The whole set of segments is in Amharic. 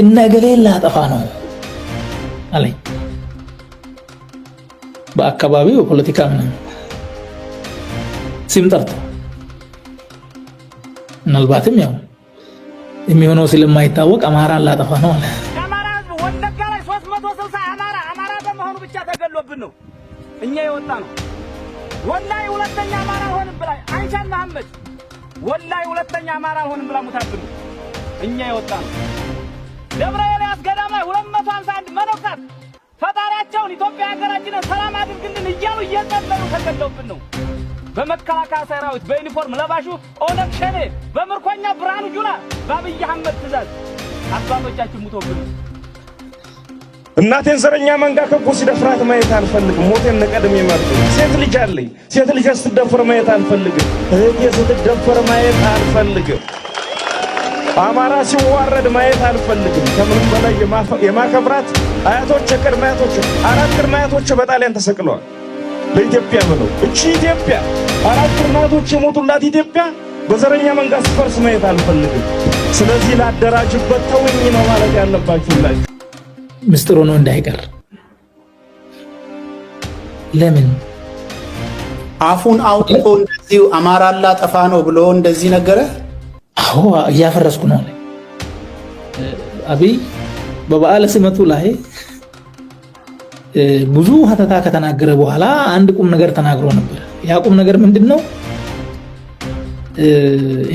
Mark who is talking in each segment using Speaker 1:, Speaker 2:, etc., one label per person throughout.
Speaker 1: እነገሌን ላጠፋ ነው አለኝ። በአካባቢው የፖለቲካ ምናምን ስም ጠርቶ ምናልባትም ያው የሚሆነው ስለማይታወቅ አማራን ላጠፋ ነው አለ።
Speaker 2: የአማራ ህዝብ ወለጋ ላይ 360 አማራ አማራ በመሆኑ ብቻ ተገሎብን ነው እኛ የወጣ ነው። ወላይ ሁለተኛ አማራ አልሆንም ብላ አይሻ መሐመድ ወላይ ሁለተኛ አማራ አልሆንም ብላ ሙታብን እኛ የወጣ ነው። ደብረ ኤልያስ ገዳማ ሁለት መቶ ሃምሳ ፈጣሪያቸውን ኢትዮጵያ ሀገራችንን ሰላም አድርግልን እያሉ እየጸለዩ ተገደውብን ነው። በመከላከያ ሰራዊት በዩኒፎርም ለባሹ ኦነግ ሸኔ፣ በምርኮኛ ብርሃኑ ጁላ፣ በአብይ አህመድ ትእዛዝ አባቶቻችን ሙቶብን
Speaker 1: እናቴን ዘረኛ መንጋ ከቦ ሲደፍራት ማየት አልፈልግም። ሞቴን ንቀድም ይመርጥ። ሴት ልጅ አለኝ። ሴት ልጅ ስትደፈር ማየት አልፈልግም። እህቴ ስትደፈር ማየት አልፈልግም። አማራ ሲዋረድ ማየት አልፈልግም። ከምንም በላይ የማከብራት አያቶች ቅድመ አያቶች አራት ቅድመ አያቶች በጣሊያን ተሰቅለዋል። ለኢትዮጵያ ብለው እቺ ኢትዮጵያ አራት ቅድመ አያቶች የሞቱላት ኢትዮጵያ በዘረኛ መንጋት ስፈርስ ማየት አልፈልግም። ስለዚህ ላደራጅበት ተውኝ ነው ማለት ያለባችሁ ላይ ምስጢሩ ነው እንዳይቀር። ለምን አፉን አውጥቶ እንደዚሁ አማራ ላጠፋ ነው ብሎ እንደዚህ ነገረ አዎ እያፈረስኩ ነው። አብይ በበዓለ ሲመቱ ላይ ብዙ ሀተታ ከተናገረ በኋላ አንድ ቁም ነገር ተናግሮ ነበር። ያ ቁም ነገር ምንድን ነው?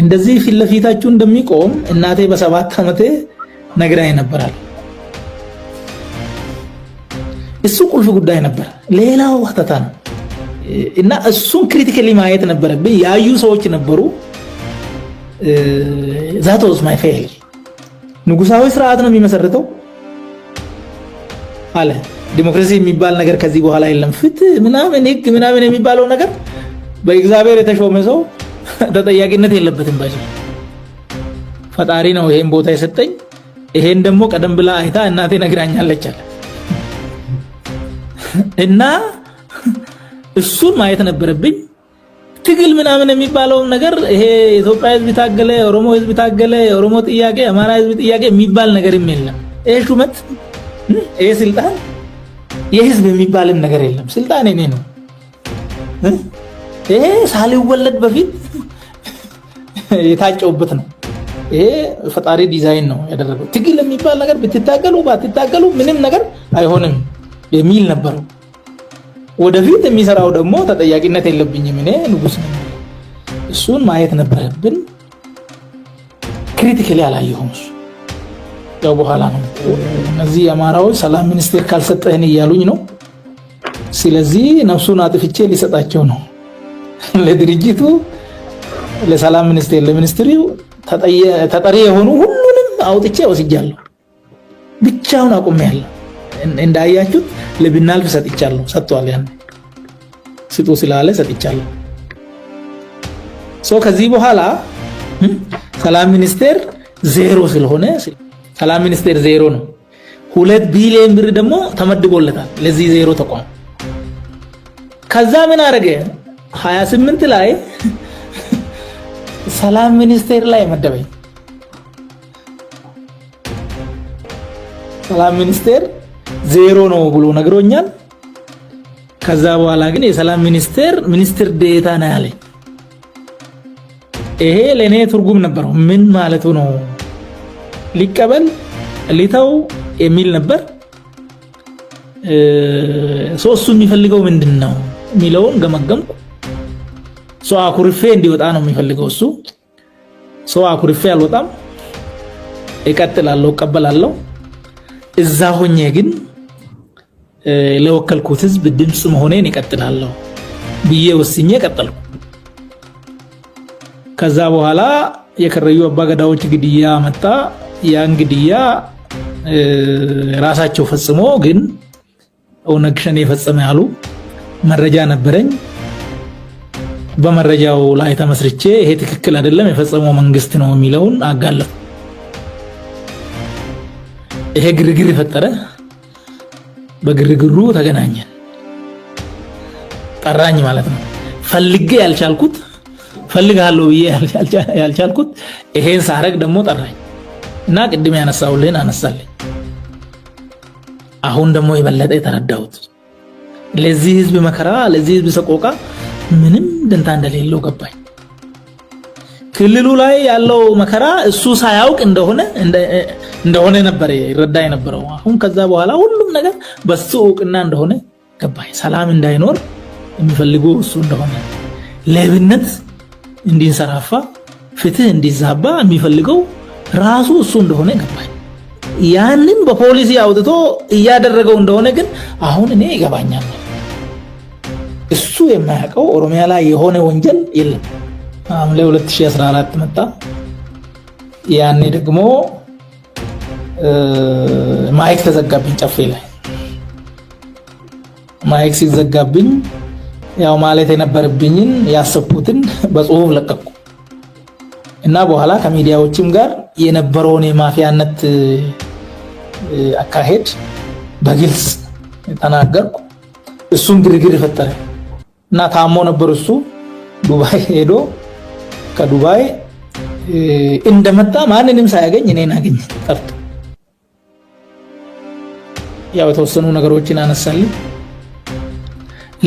Speaker 1: እንደዚህ ፊት ለፊታችሁ እንደሚቆም እናቴ በሰባት ዓመቴ ነግራኝ ነበራል። እሱ ቁልፍ ጉዳይ ነበር። ሌላው ሀተታ ነው እና እሱን ክሪቲካሊ ማየት ነበረብኝ። ያዩ ሰዎች ነበሩ ዛት ወዝ ማይ ፌል ንጉሳዊ ስርዓት ነው የሚመሰርተው አለ። ዲሞክራሲ የሚባል ነገር ከዚህ በኋላ የለም። ፍትህ ምናምን ህግ ምናምን የሚባለው ነገር በእግዚአብሔር የተሾመ ሰው ተጠያቂነት የለበትም። ባ ፈጣሪ ነው ይሄን ቦታ የሰጠኝ። ይሄን ደግሞ ቀደም ብላ አይታ እናቴ ነግራኛለች አለ እና እሱን ማየት ነበረብኝ። ትግል ምናምን የሚባለውም ነገር ይሄ የኢትዮጵያ ህዝብ ታገለ፣ የኦሮሞ ህዝብ ታገለ፣ የኦሮሞ ጥያቄ፣ የአማራ ህዝብ ጥያቄ የሚባል ነገር የለም። ይሄ ሹመት፣ ይሄ ስልጣን የህዝብ የሚባልም ነገር የለም። ስልጣን የኔ ነው። ይሄ ሳልወለድ በፊት የታጨውበት ነው። ይሄ ፈጣሪ ዲዛይን ነው ያደረገው። ትግል የሚባል ነገር ብትታገሉ ባትታገሉ ምንም ነገር አይሆንም የሚል ነበረው። ወደፊት የሚሰራው ደግሞ ተጠያቂነት የለብኝም እኔ ንጉስ ነኝ። እሱን ማየት ነበረብን። ክሪቲካሊ አላየሁም። ያው በኋላ ነው እነዚህ የአማራዎች ሰላም ሚኒስቴር ካልሰጠህን እያሉኝ ነው። ስለዚህ ነፍሱን አጥፍቼ ሊሰጣቸው ነው። ለድርጅቱ፣ ለሰላም ሚኒስቴር፣ ለሚኒስትሪው ተጠሪ የሆኑ ሁሉንም አውጥቼ ወስጃለሁ። ብቻውን አቁሜያለሁ። እንዳያችሁት ለብናልፍ ሰጥቻለሁ፣ ሰጥቷል። ያን ስጡ ስላለ ሰጥቻለሁ። ሶ ከዚህ በኋላ ሰላም ሚኒስቴር ዜሮ ስለሆነ ሰላም ሚኒስቴር ዜሮ ነው። ሁለት ቢሊዮን ብር ደግሞ ተመድቦለታል ለዚህ ዜሮ ተቋም። ከዛ ምን አደረገ? 28 ላይ ሰላም ሚኒስቴር ላይ መደበኝ ሰላም ሚኒስቴር ዜሮ ነው ብሎ ነግሮኛል። ከዛ በኋላ ግን የሰላም ሚኒስቴር ሚኒስትር ዴታ ነው ያለኝ። ይሄ ለእኔ ትርጉም ነበረው። ምን ማለቱ ነው? ሊቀበል ሊተው የሚል ነበር። ሶስቱ የሚፈልገው ምንድን ነው የሚለውን ገመገምኩ። ሰው አኩርፌ እንዲወጣ ነው የሚፈልገው እሱ። ሰው አኩርፌ አልወጣም፣ እቀጥላለሁ፣ እቀበላለሁ። እዛ ሆኜ ግን ለወከልኩት ህዝብ ድምፅ መሆኔን ይቀጥላለሁ ብዬ ወስኜ ቀጠልኩ። ከዛ በኋላ የከረዩ አባገዳዎች ግድያ መጣ። ያን ግድያ ራሳቸው ፈጽሞ ግን ኦነግ ሸኔ የፈጸመ ያሉ መረጃ ነበረኝ። በመረጃው ላይ ተመስርቼ ይሄ ትክክል አይደለም የፈጸመው መንግስት ነው የሚለውን አጋለፍ። ይሄ ግርግር የፈጠረ በግርግሩ ተገናኘ ጠራኝ ማለት ነው። ፈልጌ ያልቻልኩት ፈልግሃለሁ ብዬ ያልቻልኩት ይሄን ሳረግ ደግሞ ጠራኝ እና ቅድም ያነሳውልን አነሳልኝ። አሁን ደግሞ የበለጠ የተረዳሁት ለዚህ ህዝብ መከራ፣ ለዚህ ህዝብ ሰቆቃ ምንም ደንታ እንደሌለው ገባኝ። ክልሉ ላይ ያለው መከራ እሱ ሳያውቅ እንደሆነ እንደሆነ ነበረ ይረዳ የነበረው። አሁን ከዛ በኋላ ሁሉም ነገር በሱ እውቅና እንደሆነ ገባኝ። ሰላም እንዳይኖር የሚፈልጉ እሱ እንደሆነ ሌብነት እንዲንሰራፋ ፍትህ እንዲዛባ የሚፈልገው ራሱ እሱ እንደሆነ ገባኝ። ያንን በፖሊሲ አውጥቶ እያደረገው እንደሆነ ግን አሁን እኔ ይገባኛል። እሱ የማያውቀው ኦሮሚያ ላይ የሆነ ወንጀል የለም። ሐምሌ 2014 መጣ። ያኔ ደግሞ ማይክ ተዘጋብኝ። ጨፌ ላይ ማይክ ሲዘጋብኝ ያው ማለት የነበረብኝን ያሰብኩትን በጽሁፍ ለቀቁ እና በኋላ ከሚዲያዎችም ጋር የነበረውን የማፊያነት አካሄድ በግልጽ ተናገርኩ። እሱም ግርግር ፈጠረ እና ታሞ ነበር። እሱ ዱባይ ሄዶ ከዱባይ እንደመጣ ማንንም ሳያገኝ እኔን አገኘ ጠፍቶ ያው የተወሰኑ ነገሮችን አነሳልኝ።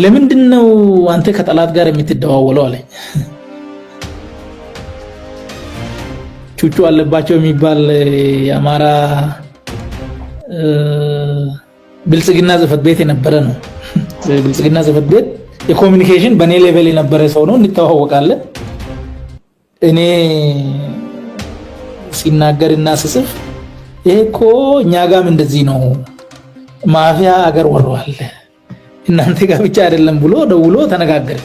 Speaker 1: ለምንድን ነው አንተ ከጠላት ጋር የምትደዋወለው አለኝ። ቹቹ አለባቸው የሚባል የአማራ ብልጽግና ጽህፈት ቤት የነበረ ነው። ብልጽግና ጽሕፈት ቤት የኮሚኒኬሽን በእኔ ሌቨል የነበረ ሰው ነው። እንተዋወቃለን። እኔ ሲናገር እና ስጽፍ ይሄ እኮ እኛ ጋም እንደዚህ ነው ማፊያ አገር ወረዋል እናንተ ጋር ብቻ አይደለም ብሎ ደውሎ ተነጋገር።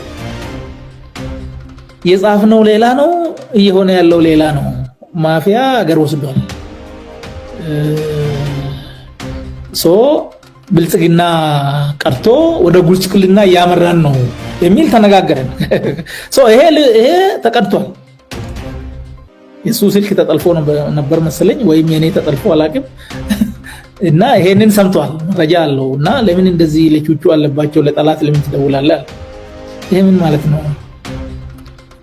Speaker 1: የጻፍነው ሌላ ነው፣ እየሆነ ያለው ሌላ ነው። ማፊያ አገር ወስዷል። ሶ ብልጽግና ቀርቶ ወደ ጉልጭቅልና እያመራን ነው የሚል ተነጋገረን። ይሄ ተቀድቷል። የሱ ስልክ ተጠልፎ ነበር መሰለኝ፣ ወይም የኔ ተጠልፎ አላቅም። እና ይሄንን ሰምቷል፣ መረጃ አለው እና ለምን እንደዚህ ልጆቹ አለባቸው ለጠላት ለምን ትደውላለህ? ይሄ ምን ማለት ነው?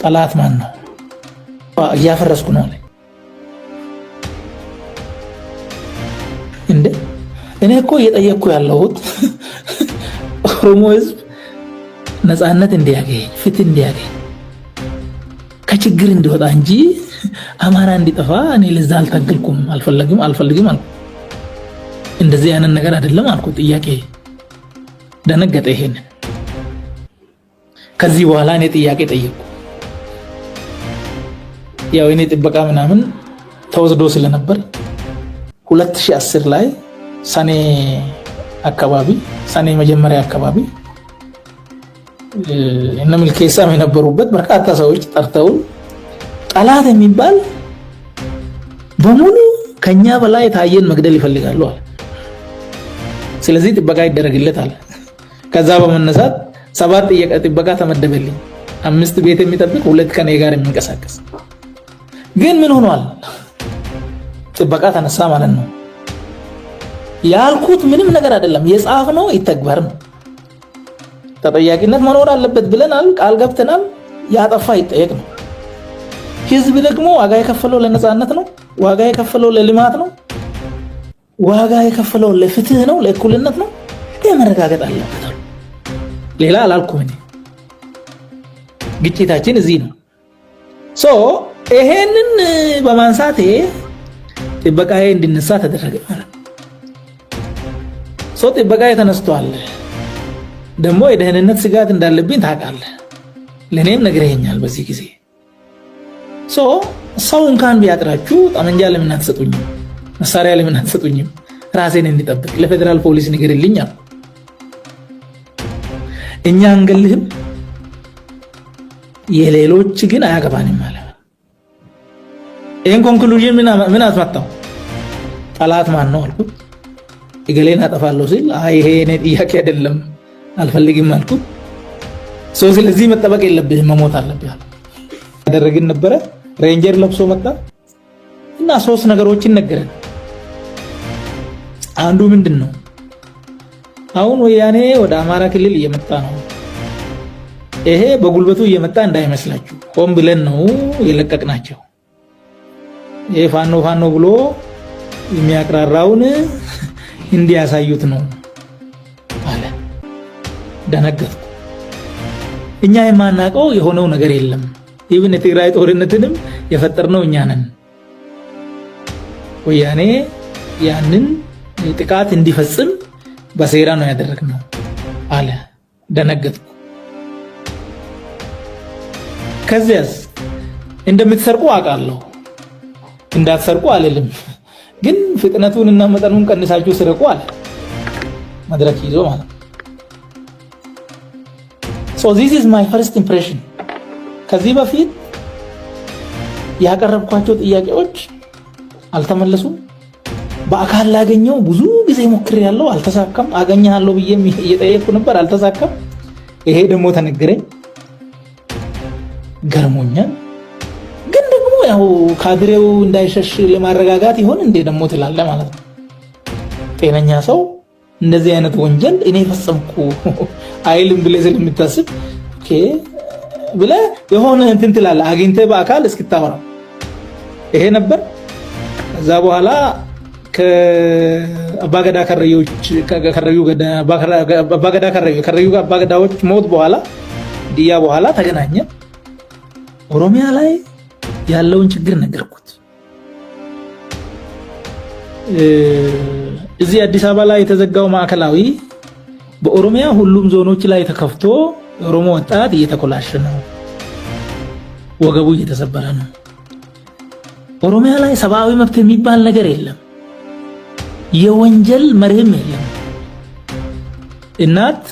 Speaker 1: ጠላት ማን ነው? እያፈረስኩ ነው አለ እንዴ። እኔ እኮ እየጠየቅኩ ያለሁት ኦሮሞ ህዝብ ነፃነት እንዲያገኝ ፍትህ እንዲያገኝ ከችግር እንዲወጣ እንጂ አማራ እንዲጠፋ እኔ ለዛ አልታገልኩም፣ አልፈልግም አልፈልግም አልኩ። እንደዚህ አይነት ነገር አይደለም አልኩ። ጥያቄ ደነገጠ። ይሄን ከዚህ በኋላ እኔ ጥያቄ ጠየቅኩ። ያው እኔ ጥበቃ ምናምን ተወስዶ ስለነበር 2010 ላይ ሰኔ አካባቢ ሰኔ መጀመሪያ አካባቢ እነ ሚልኬሳም የነበሩበት በርካታ ሰዎች ጠርተው ጠላት የሚባል በሙሉ ከኛ በላይ የታየን መግደል ይፈልጋሉ አለ። ስለዚህ ጥበቃ ይደረግለታል። ከዛ በመነሳት ሰባት ጥበቃ ተመደበልኝ። አምስት ቤት የሚጠብቅ ሁለት ከኔ ጋር የሚንቀሳቀስ ግን ምን ሆኗል? ጥበቃ ተነሳ ማለት ነው። ያልኩት ምንም ነገር አይደለም። የጻፍ ነው ይተግበር ነው። ተጠያቂነት መኖር አለበት ብለናል፣ ቃል ገብተናል። ያጠፋ ይጠየቅ ነው። ህዝብ ደግሞ ዋጋ የከፈለው ለነፃነት ነው። ዋጋ የከፈለው ለልማት ነው። ዋጋ የከፈለውን ለፍትህ ነው፣ ለእኩልነት ነው መረጋገጥ አለበት። ሌላ አላልኩም። ግጭታችን እዚህ ነው። ሶ ይሄንን በማንሳቴ ጥበቃዬ እንድነሳ ተደረገ ማለት ነው። ሶ ጥበቃዬ ተነስቷል። ደግሞ የደህንነት ስጋት እንዳለብኝ ታውቃለህ፣ ለእኔም ነግረኸኛል በዚህ ጊዜ። ሰው እንኳን ቢያጥራችሁ ጠመንጃ ለምን አትሰጡኝም? መሳሪያ ለምን አትሰጡኝም? ራሴን እንዲጠብቅ ለፌዴራል ፖሊስ ንገርልኝ አሉ። እኛ አንገልህም፣ የሌሎች ግን አያገባንም አለ። ይህን ኮንክሉዥን ምን አስመጣው? ጠላት ማን ነው አልኩት። እገሌን አጠፋለሁ ሲል ይሄ ኔ ጥያቄ አይደለም አልፈልግም አልኩት። ሰው ስለዚህ መጠበቅ የለብህም መሞት አለብህ ያደረግን ነበረ። ሬንጀር ለብሶ መጣ እና ሶስት ነገሮችን ነገረን። አንዱ ምንድን ነው አሁን ወያኔ ወደ አማራ ክልል እየመጣ ነው። ይሄ በጉልበቱ እየመጣ እንዳይመስላችሁ፣ ሆን ብለን ነው የለቀቅናቸው። ይሄ ፋኖ ፋኖ ብሎ የሚያቅራራውን እንዲያሳዩት ነው አለ። ደነገጥኩ። እኛ የማናውቀው የሆነው ነገር የለም። ይብን የትግራይ ጦርነትንም የፈጠርነው እኛ ነን። ወያኔ ያንን ጥቃት እንዲፈጽም በሴራ ነው ያደረግነው አለ። ደነገጥኩ። ከዚያስ እንደምትሰርቁ አውቃለሁ፣ እንዳትሰርቁ አልልም፣ ግን ፍጥነቱን እና መጠኑን ቀንሳችሁ ስርቁ አለ። መድረክ ይዞ ማለት ነው። ሶ ዚስ ኢዝ ማይ ፈርስት ኢምፕሬሽን። ከዚህ በፊት ያቀረብኳቸው ጥያቄዎች አልተመለሱም። በአካል ላገኘው ብዙ ጊዜ ያለው አልተሳካም። አገኘሃለሁ ብዬ እየጠየቅኩ ነበር፣ አልተሳካም። ይሄ ደግሞ ተነገረኝ፣ ገርሞኛል። ግን ደግሞ ያው ካድሬው እንዳይሸሽ ለማረጋጋት ይሆን እንዴ ደግሞ ትላለ ማለት ነው። ጤነኛ ሰው እንደዚህ አይነት ወንጀል እኔ ፈጸምኩ አይልም ብለህ ስለምታስብ ብለህ የሆነ እንትን ትላለህ፣ አግኝተህ በአካል እስክታወራ ይሄ ነበር። ከዛ በኋላ ከአባገዳ ከረዮች ከረዩ አባገዳ ከረዩ ከረዩ አባገዳዎች ሞት በኋላ ድያ በኋላ ተገናኘ። ኦሮሚያ ላይ ያለውን ችግር ነገርኩት። እዚህ አዲስ አበባ ላይ የተዘጋው ማዕከላዊ በኦሮሚያ ሁሉም ዞኖች ላይ ተከፍቶ የኦሮሞ ወጣት እየተኮላሸ ነው፣ ወገቡ እየተሰበረ ነው። ኦሮሚያ ላይ ሰብአዊ መብት የሚባል ነገር የለም። የወንጀል መርህም የለም። እናት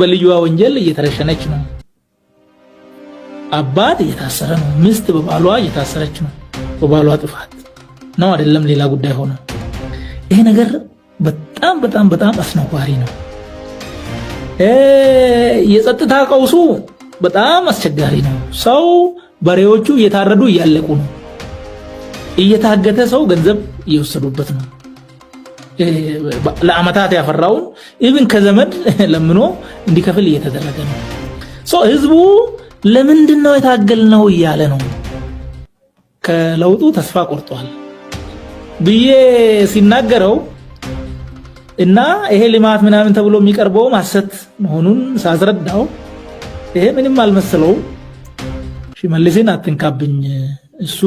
Speaker 1: በልዩዋ ወንጀል እየተረሸነች ነው። አባት እየታሰረ ነው። ሚስት በባሏ እየታሰረች ነው። በባሏ ጥፋት ነው አይደለም፣ ሌላ ጉዳይ ሆነ። ይሄ ነገር በጣም በጣም በጣም አስነዋሪ ነው። የጸጥታ ቀውሱ በጣም አስቸጋሪ ነው። ሰው በሬዎቹ እየታረዱ እያለቁ ነው። እየታገተ ሰው ገንዘብ እየወሰዱበት ነው። ለአመታት ያፈራውን ኢቭን ከዘመድ ለምኖ እንዲከፍል እየተደረገ ነው። ህዝቡ ለምንድን ነው የታገልነው እያለ ነው። ከለውጡ ተስፋ ቆርጧል ብዬ ሲናገረው እና ይሄ ልማት ምናምን ተብሎ የሚቀርበው ማሰት መሆኑን ሳስረዳው ይሄ ምንም አልመሰለው ሽመልስን አትንካብኝ እሱ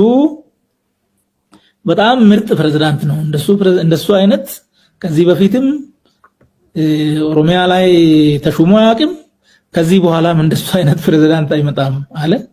Speaker 1: በጣም ምርጥ ፕሬዝዳንት ነው። እንደሱ እንደሱ አይነት ከዚህ በፊትም ኦሮሚያ ላይ ተሹሞ አያውቅም። ከዚህ በኋላም እንደሱ አይነት ፕሬዝዳንት አይመጣም አለ።